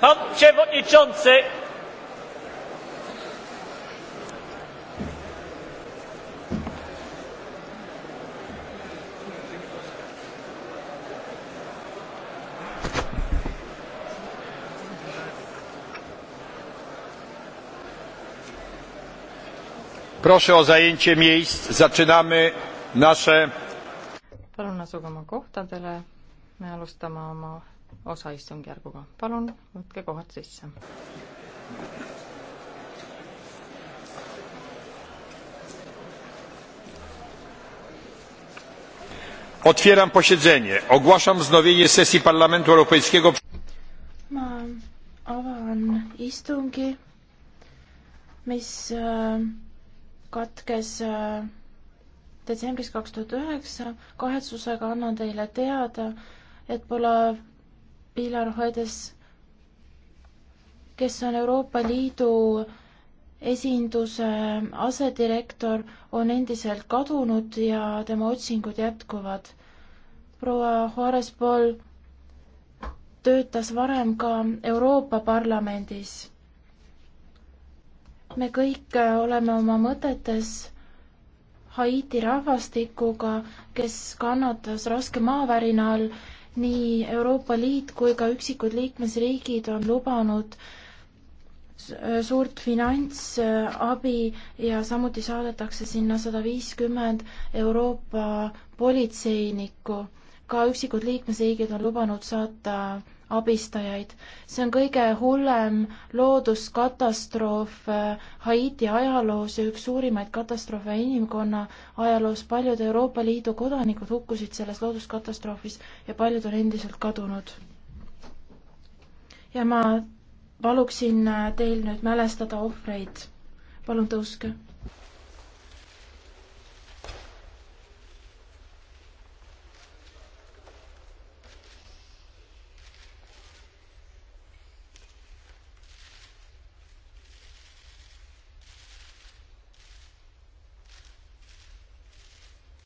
Pan przewodniczący! Proszę o zajęcie miejsc. Zaczynamy nasze. Palun asugama kohtadele. Me alustame oma osa istungjärguga. palun võtke kohad sisse. Otwieram posiedzenie. Ogłaszam wznowienie sesji Parlamentu Europejskiego. Ma avan istungi, mis äh, katkes äh, detsembris kaks tuhat üheksa. kahetsusega annan teile teada, et pole Pilar Hoedes, kes on Euroopa Liidu esinduse asedirektor, on endiselt kadunud ja tema otsingud jätkuvad. proua Juarez Paul töötas varem ka Euroopa Parlamendis. me kõik oleme oma mõtetes Haiti rahvastikuga, kes kannatas raske maavärina all nii Euroopa Liit kui ka üksikud liikmesriigid on lubanud suurt finantsabi ja samuti saadetakse sinna sada viiskümmend Euroopa politseinikku. ka üksikud liikmesriigid on lubanud saata abistajaid. see on kõige hullem looduskatastroof äh, Haiti ajaloos ja üks suurimaid katastroofe inimkonna ajaloos. paljud Euroopa Liidu kodanikud hukkusid selles looduskatastroofis ja paljud on endiselt kadunud. ja ma paluksin äh, teil nüüd mälestada ohvreid. palun tõuske